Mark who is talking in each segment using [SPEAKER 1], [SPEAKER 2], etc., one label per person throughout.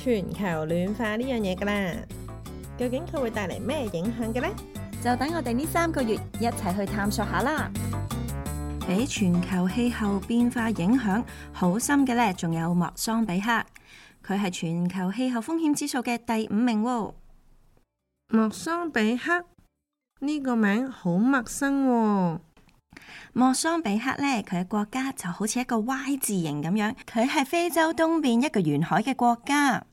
[SPEAKER 1] .全球暖化呢樣嘢，噶啦，究竟佢會帶嚟咩影響嘅呢？就等我哋呢三個月一齊去探索下啦。俾全球氣候變化影響好深嘅呢，仲有莫桑比克，佢係全球氣候風險指數嘅第五名。莫桑比克呢，呢個名好陌生，啊。莫桑比克呢，佢嘅國家就好似一個 Y 字形咁樣，佢係非洲東邊一個沿海嘅國家。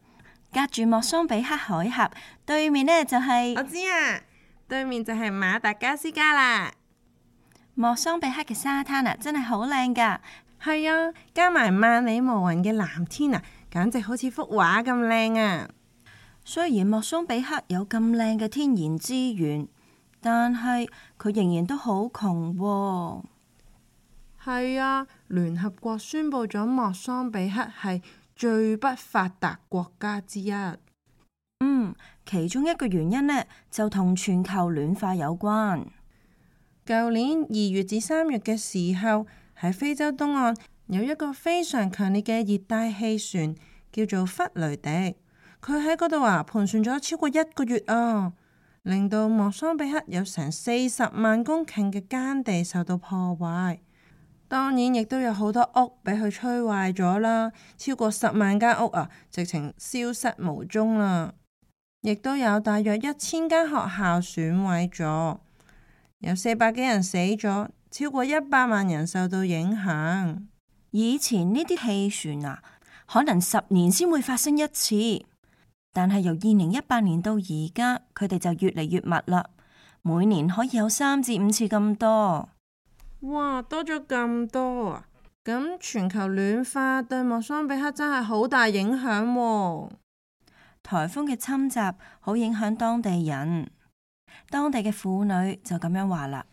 [SPEAKER 1] 隔住莫桑比克海峽，對面呢就係、是、我知啊，對面就係馬達加斯加啦。莫桑比克嘅沙灘啊，真係好靚噶，係啊，加埋萬里無雲嘅藍天啊，簡直好似幅畫咁靚啊。雖然莫桑比克有咁靚嘅天然資源，但係佢仍然都好窮。哦。係啊，聯合國宣布咗莫桑比克係最不發達國家之一，嗯，其中一個原因呢，就同全球暖化有關。舊年二月至三月嘅時候，喺非洲東岸有一個非常強烈嘅熱帶氣旋，叫做弗雷迪，佢喺嗰度啊盤旋咗超過一個月啊，令到莫桑比克有成四十萬公頃嘅耕地受到破壞。當然，亦都有好多屋俾佢吹壞咗啦，超過十萬間屋啊，直情消失無蹤啦。亦都有大約一千間學校損毀咗，有四百幾人死咗，超過一百萬人受到影響。以前呢啲氣旋啊，可能十年先會發生一次，但係由二零一八年到而家，佢哋就越嚟越密啦，每年可以有三至五次咁多。哇，多咗咁多啊！咁全球暖化對莫桑比克真係好大影響喎。颱風嘅侵襲好影響當地人，當地嘅婦女就咁樣話啦。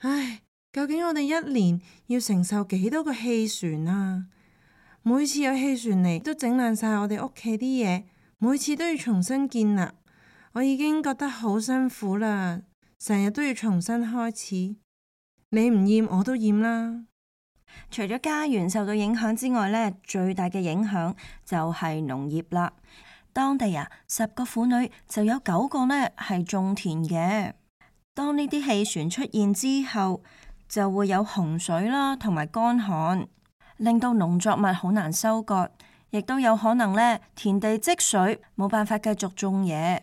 [SPEAKER 1] 唉，究竟我哋一年要承受幾多個氣旋啊？每次有氣旋嚟，都整爛晒我哋屋企啲嘢，每次都要重新建啦。我已經覺得好辛苦啦，成日都要重新開始。你唔厭我都厭啦。除咗家園受到影響之外咧，最大嘅影響就係農業啦。當地啊，十個婦女就有九個呢係種田嘅。當呢啲氣旋出現之後，就會有洪水啦，同埋乾旱，令到農作物好難收割，亦都有可能咧田地積水，冇辦法繼續種嘢。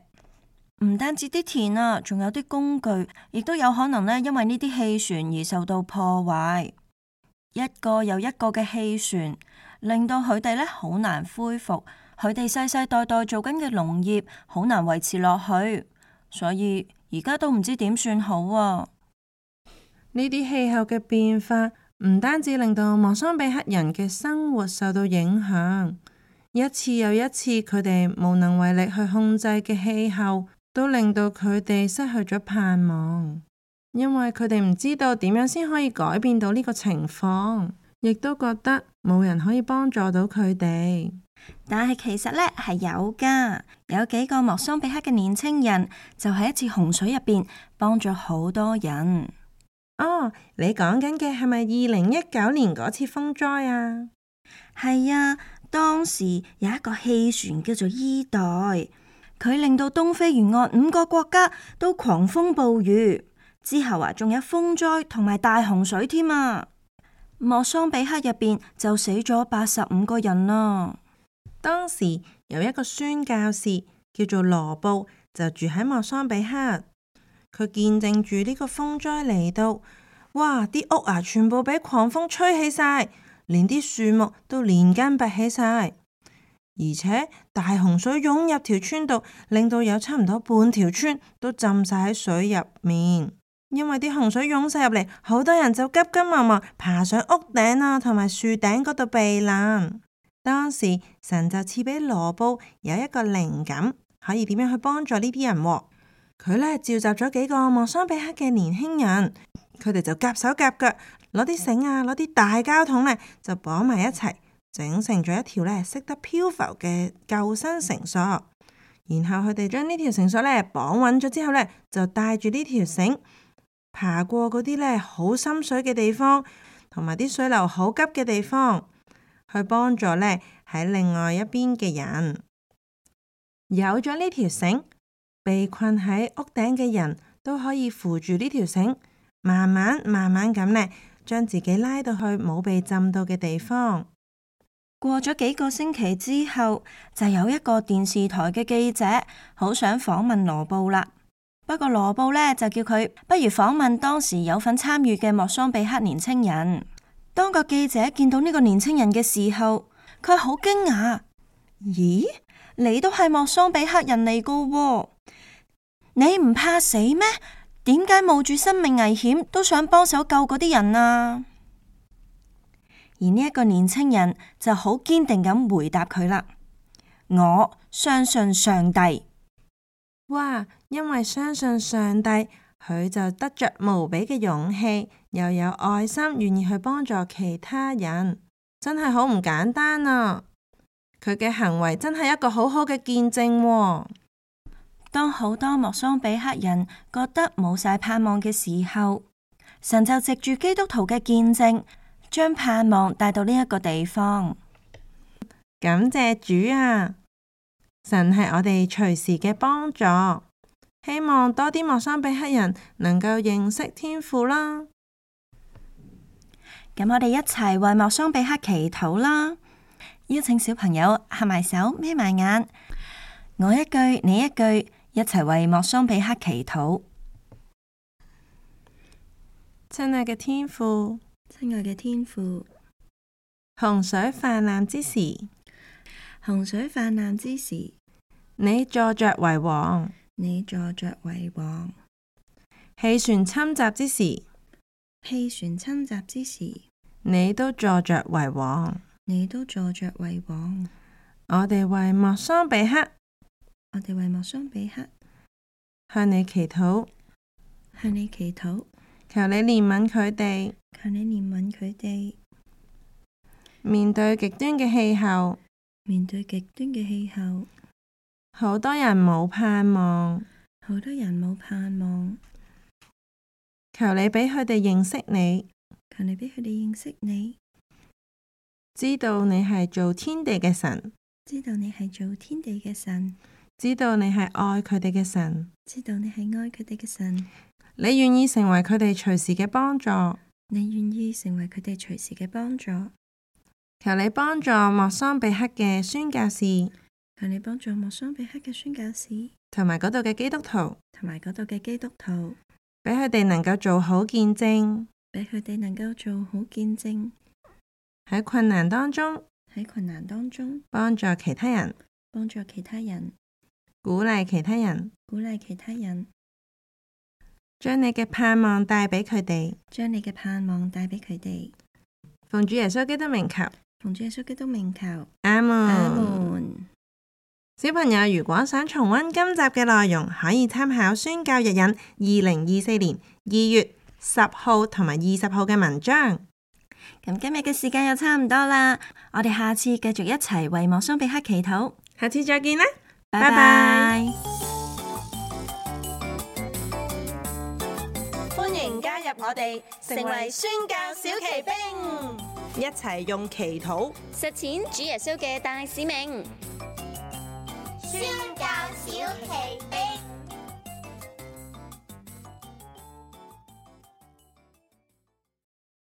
[SPEAKER 1] 唔單止啲田啊，仲有啲工具，亦都有可能呢，因為呢啲氣旋，而受到破壞。一個又一個嘅氣旋，令到佢哋呢好難恢復，佢哋世世代代做緊嘅農業好難維持落去，所以而家都唔知點算好。呢啲氣候嘅變化唔單止令到莫桑比克人嘅生活受到影響，一次又一次，佢哋無能為力去控制嘅氣候。都令到佢哋失去咗盼望，因為佢哋唔知道點樣先可以改變到呢個情況，亦都覺得冇人可以幫助到佢哋。但係其實呢係有噶，有幾個莫桑比克嘅年青人就喺一次洪水入邊幫咗好多人。哦，你講緊嘅係咪二零一九年嗰次風災啊？係啊，當時有一個氣旋叫做伊代。佢令到東非沿岸五個國家都狂風暴雨，之後啊，仲有風災同埋大洪水添啊！莫桑比克入邊就死咗八十五個人啦。當時有一個宣教士叫做羅布，就住喺莫桑比克，佢見證住呢個風災嚟到，哇！啲屋啊，全部俾狂風吹起晒，連啲樹木都連根拔起晒。而且大洪水湧入條村度，令到有差唔多半條村都浸晒喺水入面。因為啲洪水湧晒入嚟，好多人就急急忙忙爬上屋頂啊，同埋樹頂嗰度避難。當時神就賜俾羅布有一個靈感，可以點樣去幫助呢啲人。佢呢召集咗幾個莫桑比克嘅年輕人，佢哋就夾手夾腳，攞啲繩啊，攞啲大膠桶咧，就綁埋一齊。整成咗一條呢，識得漂浮嘅救生繩索，然後佢哋將呢條繩索呢綁穩咗之後呢就帶住呢條繩爬過嗰啲呢好深水嘅地方，同埋啲水流好急嘅地方，去幫助呢喺另外一邊嘅人。有咗呢條繩，被困喺屋頂嘅人都可以扶住呢條繩，慢慢慢慢咁呢，將自己拉到去冇被浸到嘅地方。過咗幾個星期之後，就有一個電視台嘅記者好想訪問羅布啦。不過羅布呢，就叫佢不如訪問當時有份參與嘅莫桑比克年輕人。當個記者見到呢個年輕人嘅時候，佢好驚訝：「咦，你都係莫桑比克人嚟個？你唔怕死咩？點解冒住生命危險都想幫手救嗰啲人啊？而呢一個年輕人就好堅定咁回答佢啦，我相信上帝。哇！因為相信上帝，佢就得着無比嘅勇氣，又有愛心，願意去幫助其他人，真係好唔簡單啊！佢嘅行為真係一個好好嘅見證啊。當好多莫桑比克人覺得冇晒盼望嘅時候，神就藉住基督徒嘅見證。將盼望帶到呢一個地方，感謝主啊！神係我哋隨時嘅幫助。希望多啲莫桑比克人能夠認識天父啦。咁、嗯、我哋一齊為莫桑比克祈禱啦！邀請小朋友合埋手、眯埋眼，我一句你一句，一齊為莫桑比克祈禱。親愛嘅天父。親愛嘅天父，洪水氾濫之時，洪水氾濫之時，你坐着為王，你坐着為王；氣旋侵襲之時，氣旋侵襲之時，你都坐着為王，你都坐着為王。我哋為莫桑比克，我哋為莫桑比克，向你祈禱，向你祈禱。求你憐憫佢哋，求你憐憫佢哋。面對極端嘅氣候，面對極端嘅氣候，好多人冇盼望，好多人冇盼望。求你俾佢哋認識你，求你俾佢哋認識你，知道你係做天地嘅神，知道你係做天地嘅神，知道你係愛佢哋嘅神，知道你係愛佢哋嘅神。你願意成為佢哋隨時嘅幫助。你願意成為佢哋隨時嘅幫助。求你幫助莫桑比克嘅宣教士。求你幫助莫桑比克嘅宣教士。同埋嗰度嘅基督徒。同埋嗰度嘅基督徒。畀佢哋能夠做好見證。畀佢哋能夠做好見證。喺困難當中。喺困難當中。幫助其他人。幫助其他人。鼓勵其他人。鼓勵其他人。將你嘅盼望帶俾佢哋，將你嘅盼望帶俾佢哋。奉主耶穌基督名求，奉主耶穌基督名求。阿門，阿門。小朋友如果想重温今集嘅內容，可以參考宣教日引二零二四年二月十號同埋二十號嘅文章。咁今日嘅時間又差唔多啦，我哋下次繼續一齊為莫桑比克祈禱，下次再見啦，拜拜。加入我哋，成為宣教小騎兵，一齊用祈禱實踐主耶穌嘅大使命。宣教小騎。